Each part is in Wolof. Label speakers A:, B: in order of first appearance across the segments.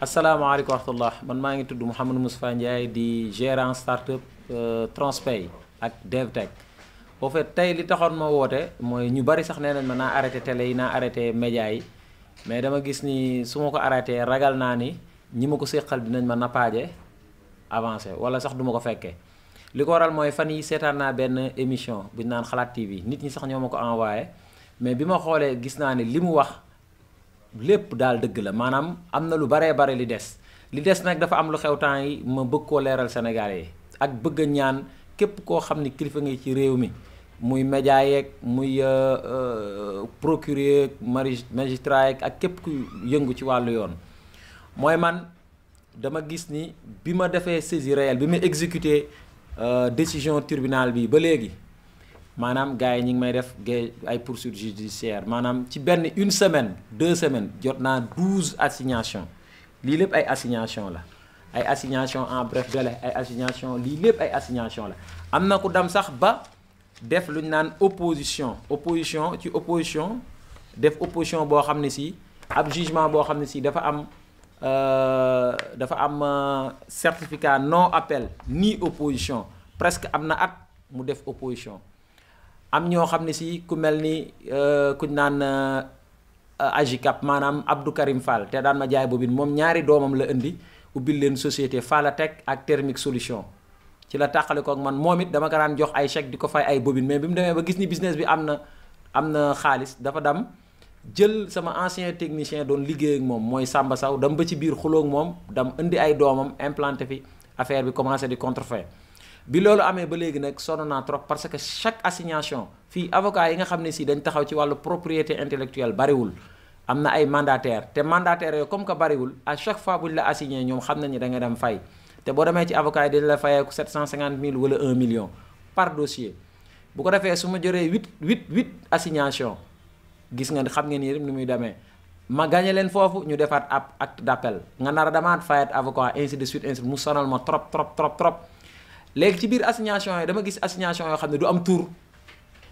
A: asalaamaaleykum wa rahmatullah man maa ngi tudd Mouhamadou Moustapha Ndiaye di gérant startup euh, Transpay ak DevTech boo fait tey li taxoon ma woote mooy ñu bari sax nee nañ ma na arrêté télé yi naa arrêté média yi mais dama gis ni su ma ko arrêté ragal naa ni ñi ma ko séqal dinañ ma nappaaje avancé wala sax duma ko fekkee li ko waral mooy fan yi seetaan naa benn émission bu naan xalaat TV nit ñi sax ñoo ma ko envoyé mais bi ma xoolee gis naa ni li mu wax. lépp daal dëgg la maanaam am na lu baree bare li des li des nag dafa am lu xew temps yi ma bëgg koo leeral Sénégalais yi ak bëgg ñaan képp koo xam ni kilifa ngi ci réew mi muy média yeeg muy euh, euh, procureur yeeg magistrat yeeg ak képp ku yëngu ci wàllu yoon mooy man dama gis ni bi ma defee saisie réelle bi ma exécuté euh, décision tribunal bi ba léegi maanaam gars yi ñu ngi may def gay ay poursuites judiciaires maanaam ci benn une semaine deux semaines jot naa douze assignations lii lépp ay assignation la ay assignation en bref délai ay assignation lii lépp ay assignation la am na ku dem sax ba def lu ñu naan opposition opposition ci opposition def opposition boo xam ne si ab jugement boo xam ne sii dafa am euh, dafa am euh, certificat non appel ni opposition presque am na ak mu def opposition am ñoo xam ne si ku mel ni euh, kuñ naan euh, agicap maanaam Abdou Karim Fall te daan ma jaay boobin moom ñaari doomam la indi ubbil leen société teg ak termique Solution ci la tàqale ko ak man moom it dama ko daan jox ay chèque di ko fay ay bobine mais bi mu demee ba gis ni business bi am na am na xaalis dafa dam jël sama ancien technicien doon liggéeyak moom mooy Samba Saw dam ba ci biir xulóog moom dam indi ay doomam implante fi affaire bi commencé di contrefait bi loolu amee ba léegi nag sonn naa trop parce que chaque assignation fii avocat yi nga xam ne sii dañ taxaw ci wàllu propriété intellectuelle bariwul am na ay mandataire te mandataire yooyu comme que bariwul à chaque fois buñ la assigné ñoom xam nañu da nga dem fay te boo demee ci avocat yi dañ la fayeeku 750 000 wala un million par dossier bu ko defee su ma jëree 8 8 8 assignation gis nga xam ngeen yëpp ni muy demee ma gagné leen foofu ñu defaat ab acte d' nga nar a demaat fayat avocat de suite ainsi mu sonal ma trop trop trop trop léegi ci biir assignation yi dama gis assignation yoo xam ne du am tour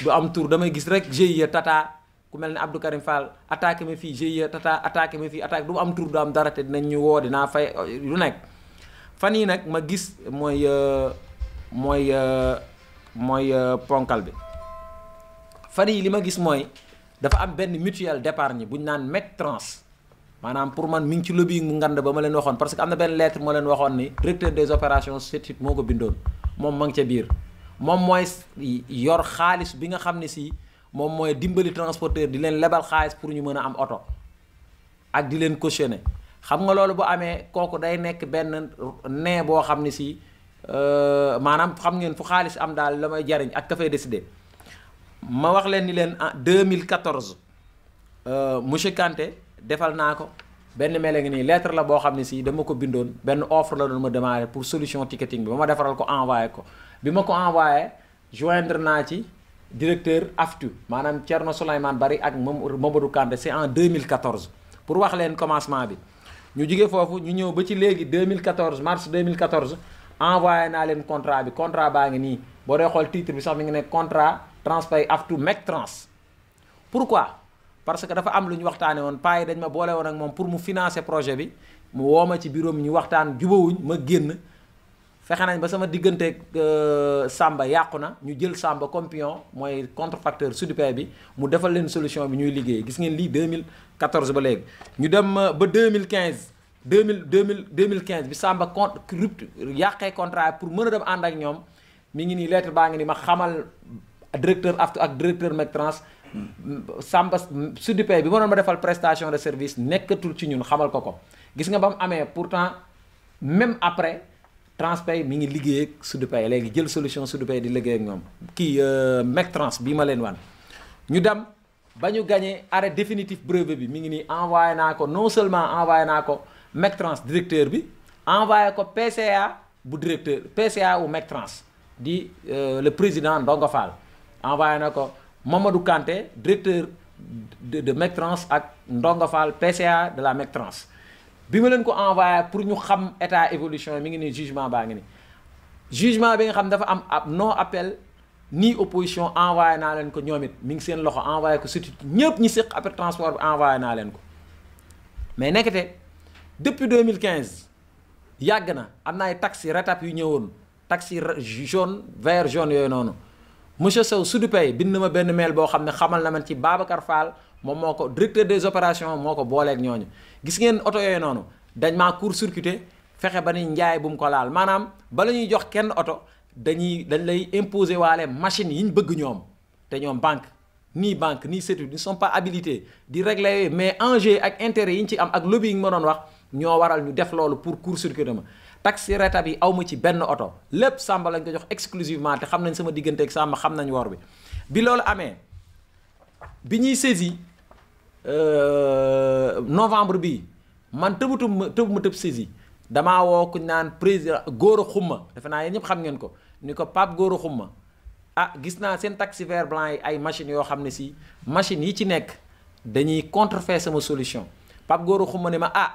A: du am tour damay gis rek GIE tata ku mel ne Abdou Karim Fall ma fii GIE tata attaqué ma fii attaqué du am tour du am dara te dinañ ñu woo dinaa fay lu nekk fan yii nag ma gis mooy euh, mooy euh, mooy euh, ponkal bi fan yi li ma gis mooy dafa am benn mutuelle d'épargne bu ñu naan Medtrans. maanaam pour man mi ngi ci lobbying mu ngande ba ma leen waxoon parce que am na benn lettre moo leen waxoon ni directeur des opérations CETUD moo ko bindoon moom ma ngi ca biir moom mooy yor xaalis bi nga xam ne si moom mooy dimbali transporteur di leen lebal xaalis pour ñu mën a am oto ak di leen cautionné xam nga loolu bu amee kooku day nekk benn nee boo xam ne si euh, maanaam xam ngeen fu xaalis am daal la may jariñ ak ka fay décidé ma wax leen ni leen en 2014 euh, monsieur Kanté defal naa ko benn mele ngi nii lettre la boo xam ne si dama ko bindoon benn offre la doon ma démarrer pour solution ticketing bi ba ma defaral ko envoyé ko bi ma ko envoyé joindre naa ci directeur AFTU maanaam Thierno Souleymane Bari ak Mamadou Kanté c'est en 2014 pour wax leen commencement bi ñu jige foofu ñu ñëw ba ci léegi 2014 mars 2014 envoyé naa leen contrat bi contrat baa ngi nii boo dee xool titre bi sax mi ngi nekk contrat Transpay AFTU MEC Trans pourquoi parce que dafa am lu ñu waxtaanee woon paa yi dañ ma boole woon ak moom pour mu finance projet bi mu woo ma ci bureau mi ñu waxtaan jubawuñ ma génn fexe nañ ba sama diggante euh, Samba yàqu na ñu jël Samba comme pion mooy contrefacteur SUDUPE bi mu defal leen solution bi ñuy liggéey gis ngeen lii 2014 ba léegi. ñu dem euh, ba mille 2015 2000 2000 2015 bi Samba con rupte yàqee contrat pour mën a dem ànd ak ñoom mi ngi nii lettre baa ngi ni ma xamal directeur AFTU ak directeur MECTRANS. Samba Sudipay bi ma doon ma defal prestation de service nekkatul ci ñun xamal ko ko gis nga ba mu amee pourtant même après Transpay mi ngi liggéey ak Sudipay léegi jël solution Sudipay di liggéey ak ñoom kii euh, Mectrans bii ma leen wan ñu dem ba ñu gagné arrêt définitif brevet bi mi ngi nii envoyé naa ko non seulement envoyé naa ko Mectrans directeur bi envoyé ko PCA bu directeur PCA ou Mectrans di euh, le président Ndongo Fall envoyé na ko. Mamadou Kanté directeur de de Mectrans ak Ndonga Fall PCA de la Mectrans bi ma leen ko envoyé pour ñu xam état évolution mi ngi nii jugement baa ngi nii jugement bi nga xam dafa am ab non appel nii opposition envoyé naa leen ko ñoom it mi ngi seen loxo envoyé ko surtout ñëpp ñi séq après transport bi envoyé naa leen ko mais nekkete depuis 2015 yàgg na am na ay taxi ratap yu ñëwoon taxi jaune vert jaune yooyu noonu. monsieur Sow Sudupay bind ma benn mail boo xam ne xamal na man ci Babacar Fall moom moo ko directeur des opérations moo ko booleeg ñooñu gis ngeen oto yooyu noonu dañ maa court-circuité fexe ba ni njaay bu mu ko laal maanaam bala ñuy jox kenn oto dañuy dañ lay imposé waale machine yi ñu bëgg ñoom te ñoom banque nii banque nii CETUD ne sont pas habilités di régler mais enjeu ak intérêt yi ñu ci am ak lobbying ma doon wax ñoo waral ñu def loolu pour court-circuiter ma taxi rétab yi aw ma ci benn oto lépp Samba lañ ko jox exclusivement te xam nañ sama diggante ak Samba xam nañ wor bi bi loolu amee bi ñuy saisi euh, novembre bi man tëbatuma tëbu ma tëb saisi damaa woo naan président Gora Xumma defe naa yéen ñëpp xam ngeen ko ni ko Pape Gora Xumma ah gis naa seen tax vert blanc yi ay machines yoo xam ne si machines yi ci nekk dañuy contrefaire sama solution Pape Gora Xumma ne ma ah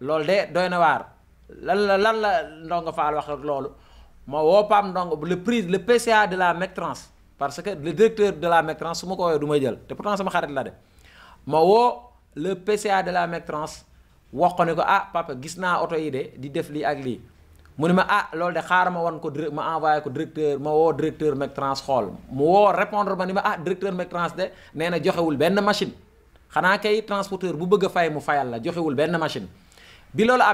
A: loolu de doy na waar lan la lan la Ndongo Fall wax loolu ma woo Pape Ndongo le prix le PCA de la MECTRANS parce que le directeur de la MECTRANS su ma ko woowee du may jël te pourtant sama xarit la de ma woo le PCA de la MECTRANS wax ko ne ko ah papa gis naa oto yi de di def lii ak lii mu ne ma ah loolu de xaar ma wan ko ma envoyé ko directeur ma woo directeur MECTRANS xool mu woo répondre ma ni ma ah directeur MECTRANS de nee na joxewul benn machine xanaa kay transporteur bu bëgg fay mu fayal la joxewul benn machine bi loolu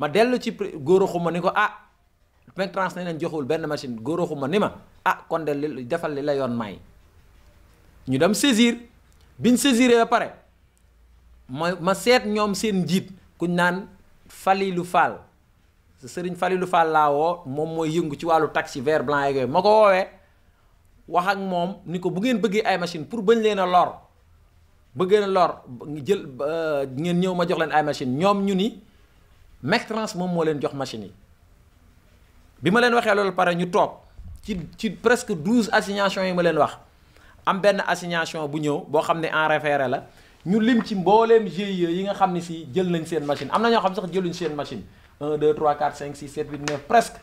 A: ma dellu ci góor xuma ni ko ah Petr ne leen joxul benn machine góor xuma ni ma ah kon de li defal li la yoon may ñu dem saisir biñ saisiree ba pare ma ma seet ñoom seen njiit kuñ naan Falilou Fall sëriñ falilu Fall laa woo moom mooy yëngu ci wàllu taxi vert blanc yeeg ma ko woowee wax ak moom ni ko bu ngeen bëggee ay machine pour bañ leen a lor bëggee na lor jël ngeen ñëw ma jox leen ay machine ñoom ñu ni. Mectrans moom moo leen jox machine yi bi ma leen waxee loolu pare ñu toog ci ci presque douze assignations yi ma leen wax am benn assignation bu ñëw boo xam ne en référé la ñu lim ci mbooleem GIE yi nga xam ne si jël nañ seen machine am na ñoo xam sax jëluñ seen machine 1 2 cinq 4 5 6 7 8 presque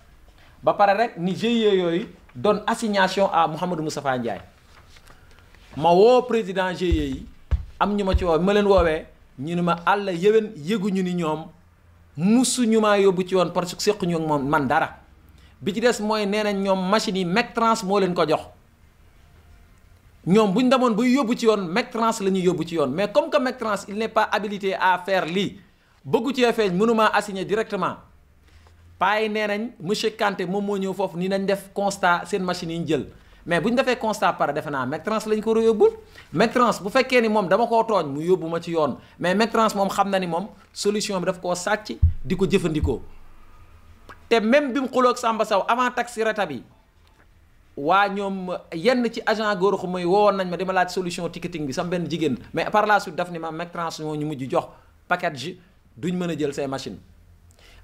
A: ba pare rek ni GIE yooyu doon assignation à Mouhamadou Moustapha Ndiaye ma woo président GIE yi am ñu ma ci woo ma leen woowee ñu ne ma àll yéwén yëguñu ni ñoom. mu suñu maa yóbbu ci yoon parce que séquñu ak moom man dara bi ci des mooy nee nañ ñoom machine yi Mectrans moo leen ko jox ñoom buñ demoon buy yóbbu ci yoon Mectrans la ñuy yóbbu ci yoon mais comme que Mectrans il n'est pas habilité à faire lii bëggu cee feeñ mënumaa assigner directement paa yi nee nañ monsieur Kanté moom moo ñëw foofu ni nañ def constat seen machines yi ñu jël mais bu ñu defee constat pare defe naa lañ ko war a yóbbul Mectrans bu fekkee ni moom dama koo tooñ mu yóbbu ma ci yoon mais Mectrans moom xam na ni moom solution bi daf koo sàcc di ko jëfandikoo te même bi mu xuloo ak Samba Sow avant taxi rata bi waa ñoom yenn ci agent góor xu may woowoon nañ ma dama laaj solution ticketing bi sama benn jigéen mais par la suite daf ni ma Mectrans ñoo ñu mujj a jël say machine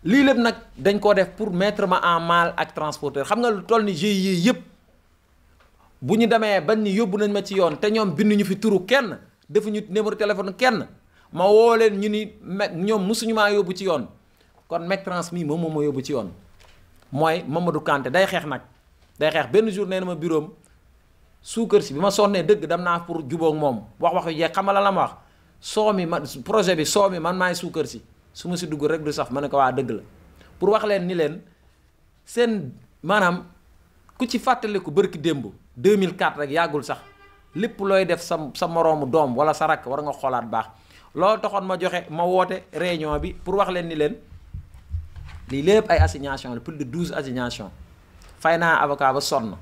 A: lii lépp nag dañ koo def pour mettre ma en mal ak transporteur xam nga lu toll ni GIE yëpp. bu ñu demee ban ni yóbbu nañ ma ci yoon te ñoom binduñu fi turu kenn defuñu numéro téléphone kenn ma woo leen ñu ni me ñoom mosuñu maa yóbbu ci yoon kon mec trans moom moom ma yóbbu ci yoon mooy Mamadou Kanté day xeex nag day xeex benn jour nee na ma bureau suukar si bi ma sonnee dëgg dem naa pour jubook moom wax wax yu jeex xamala la ma wax soo mi man projet bi soow mi man maay suukar si su ma si dugg rek du saf ma ne ko waa dëgg la pour wax leen ni leen seen maanaam ku ci fàttaliku bërki démb 2004 rek yàggul sax lépp looy def sa sa moroomu doom wala sa rakk war a nga xoolaat baax loo toxoon ma joxe ma woote réunion bi pour wax leen ni leen lii lépp ay assignation la plus de 12 assignation fay naa avocat ba sonn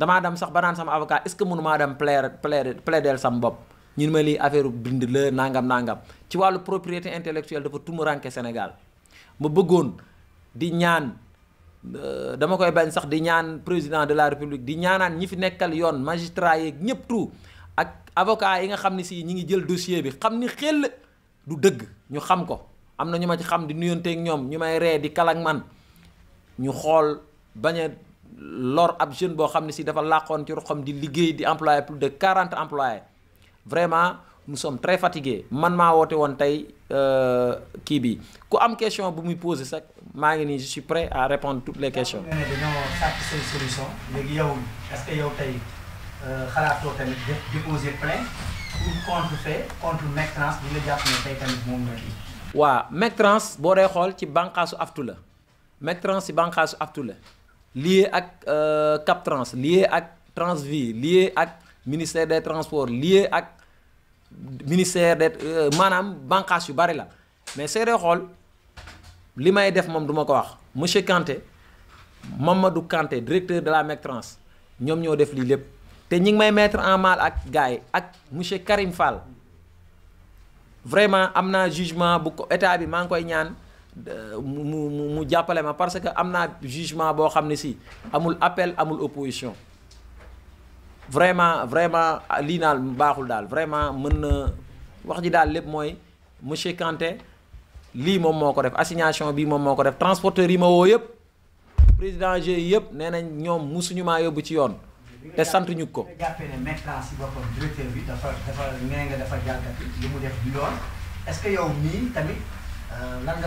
A: damaa dem sax ba naan sama avocat est-ce que mënu maa dem plaire plaire plaideel sama bopp ñun ma lii affaire bind la nangam nangam ci wàllu propriété intellectuelle dafa tumuranke Sénégal ma bëggoon di ñaan Euh, dama koy bañ sax di ñaan président de la république di ñaanaan ñi fi nekkal yoon magistrat yeeg ñëpp tout ak avocat yi nga xam ne si ñi ngi jël dossier bi xam ni xel du dëgg ñu xam ko am na ñu ma ci xam di nuyonteeg ñoom ñu may ree di kalak man ñu xool bañ a lor ab jeune boo xam ne si dafa làqoon ci ruxam di liggéey di employé pour de quarante employés vraiment nous sommes très fatigués man maa woote woon tey euh, kii bi ku am question bu muy poser sax maa ngi nii je suis prêt à répondre toutes les questions. nga ne dañoo sàkk seen solution léegi yow est-ce que yow tey euh, xalaatoo tamit déposer plainte pour contrefait contre mécrance bi nga jàpp ne tey tamit moom la kii. waaw mécrance boo dee xool ci bànqaasu aftu la mécrance ci bànqaasu aftu la lié ak euh, Cap Trans lié ak Transvie lié ak ministère des transports lié ak. ministère de euh, maanaam bànqaas yu bari la mais seede xool li may def moom duma ko wax monsieur Kanté Mamadou Kanté directeur de la MECTRANS ñoom ñoo def lii lépp te ñi ngi may mettre en mal ak gars yi ak monsieur Karim Fall vraiment am naa jugement bu ko état bi maa ngi koy ñaan euh, mu mu mu jàppale ma parce que am naa jugement boo xam ne si amul appel amul opposition. vraiment vraiment lii daal baaxul daal vraiment mën na wax ji daal lépp mooy monsieur Kanté lii moom moo ko def assignation bi moom moo ko def transporteur yi ma woo yëpp président GIE yëpp nee nañ ñoom musuñu maa yóbbu ci yoon. te sant ñu ko. nga jàppee ne si boppam bi dafa nga dafa li ce que yow mii euh,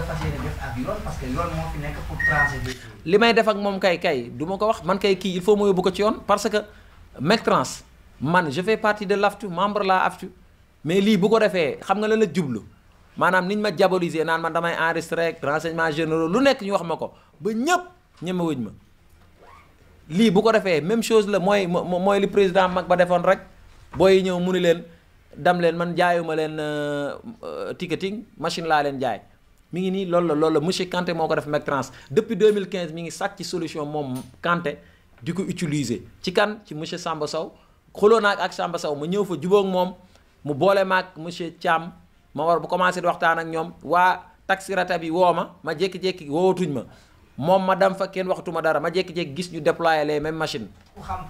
A: que yoon may def ak moom kay kay du ma ko wax man kay kii il faut ma yóbbu ko ci yoon parce que. Mectrans man je fais partie de l'AFTU membre la AFTU mais lii bu ko defee xam nga la la jublu maanaam niñ ma diaboliser naan man damay enregistré rek renseignement généraux lu nekk ñu wax ma ko ba ñëpp ñemewuñ ma lii bu ko defee même chose la mooy mooy li président mag ba defoon rek booy ñëw mu ni leen dam leen man jaayuma leen euh, ticketing machine laa leen jaay mi ngi nii loolu la loolu la monsieur Kanté moo ko def Mectrans depuis 2015 mu ngi sàcc ci solution moom Kanté di ko utiliser ci kan ci monsieur Samba Sow xuloo naa ak Samba saw ma ñëw fa jubóog moom mu boole maag monsieur Thiam ma war bu commencé di waxtaan ak ñoom waa taxi rata bi woo ma ma jékki-jékki woowatuñ ma moom ma dem fa kenn waxatuma dara ma jékki gis ñu déployer les mêmes machines. ku xam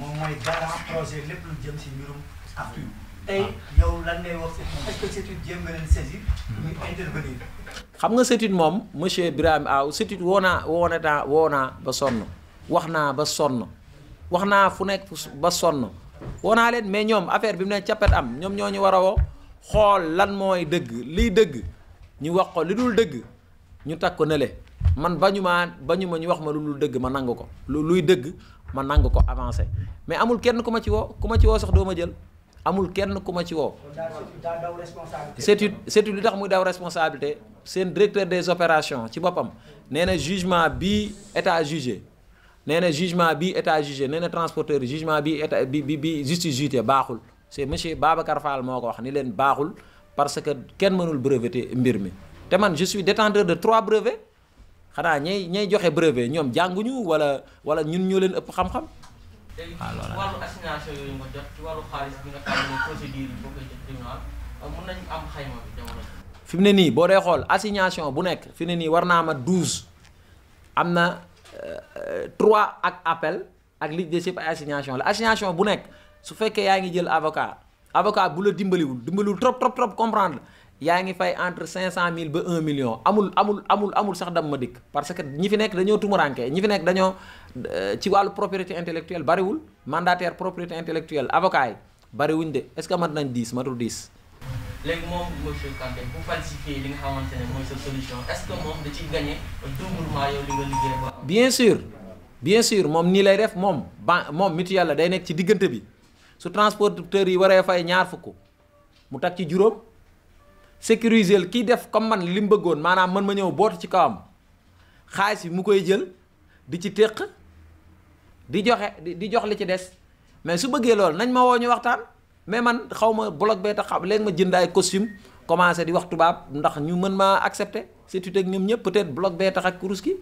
A: moom mooy garant projet ah. nga leen moom monsieur Birame Aw CETUD woo naa woo na woo naa ba sonn. wax naa ba sonn wax naa fu nekk ba sonn woo naa leen mais ñoom affaire bi mu ne cappet am ñoom ñoo ñu war a xool lan mooy dëgg liy dëgg ñu wax ko li dul dëgg ñu tag ko nële man bañu maa bañu ma ñu wax ma lu dul dëgg ma nangu ko lu luy dëgg ma nangu ko avancé mais amul kenn ku ma ci woo ku ma ci woo sax doo ma jël amul kenn ku ma ci woo. c'est c'est lu tax muy daw responsabilité seen directeur des opérations ci boppam nee jugement bii état jugé. nee jugement bi état jugé nee na transporteur jugement bi état bi bi bi justice jugé baaxul c' est monsieur Babacar moo ko wax ni leen baaxul parce que kenn mënul breveté mbir mi te man je suis détenteur de trois brevets xanaa ñay ñay joxe brevet ñoom jànguñu wala wala ñun ñoo leen ëpp xam-xam. waaw ah, loolu euh, fi mu ne nii boo dee xool assignation bu nekk fi ne nii war naa ma douze am na. trois ak appel ak li des yëpp ay assignation la assignation bu nekk su fekkee yaa ngi jël avocat avocat bu la dimbaliwul dimbaliwul trop trop trop comprendre yaa ngi fay entre cinq cent mille ba un million amul amul amul amul sax dam ma dikk parce que ñi fi nekk dañoo tumuranke ñi fi nekk dañoo euh, ci wàllu propriété intellectuelle bariwul mandataire propriété intellectuelle avocat yi bariwuñ de est-ce que mat nañ dix matul dix léegi moom monsieur bien sûr bien sûr moom nii lay def moom ba moom mutuelle la day nekk ci diggante bi su transporteur yi waree fay ñaar fukk mu tag ci juróom sécuriser kii def comme man li mu bëggoon maanaam man ma ñëw bootu ci kawam xaalis bi mu koy jël di ci téq di joxe di jox li ci des mais su bëggee loolu nañ ma woo ñu waxtaan. mais man xawma ma bee tax léegi ma jënd ay costume commencé di wax tubaab ndax ñu mën maa accepté surtout ak ñoom ñëpp peut-être bloc bee tax ak kurus gi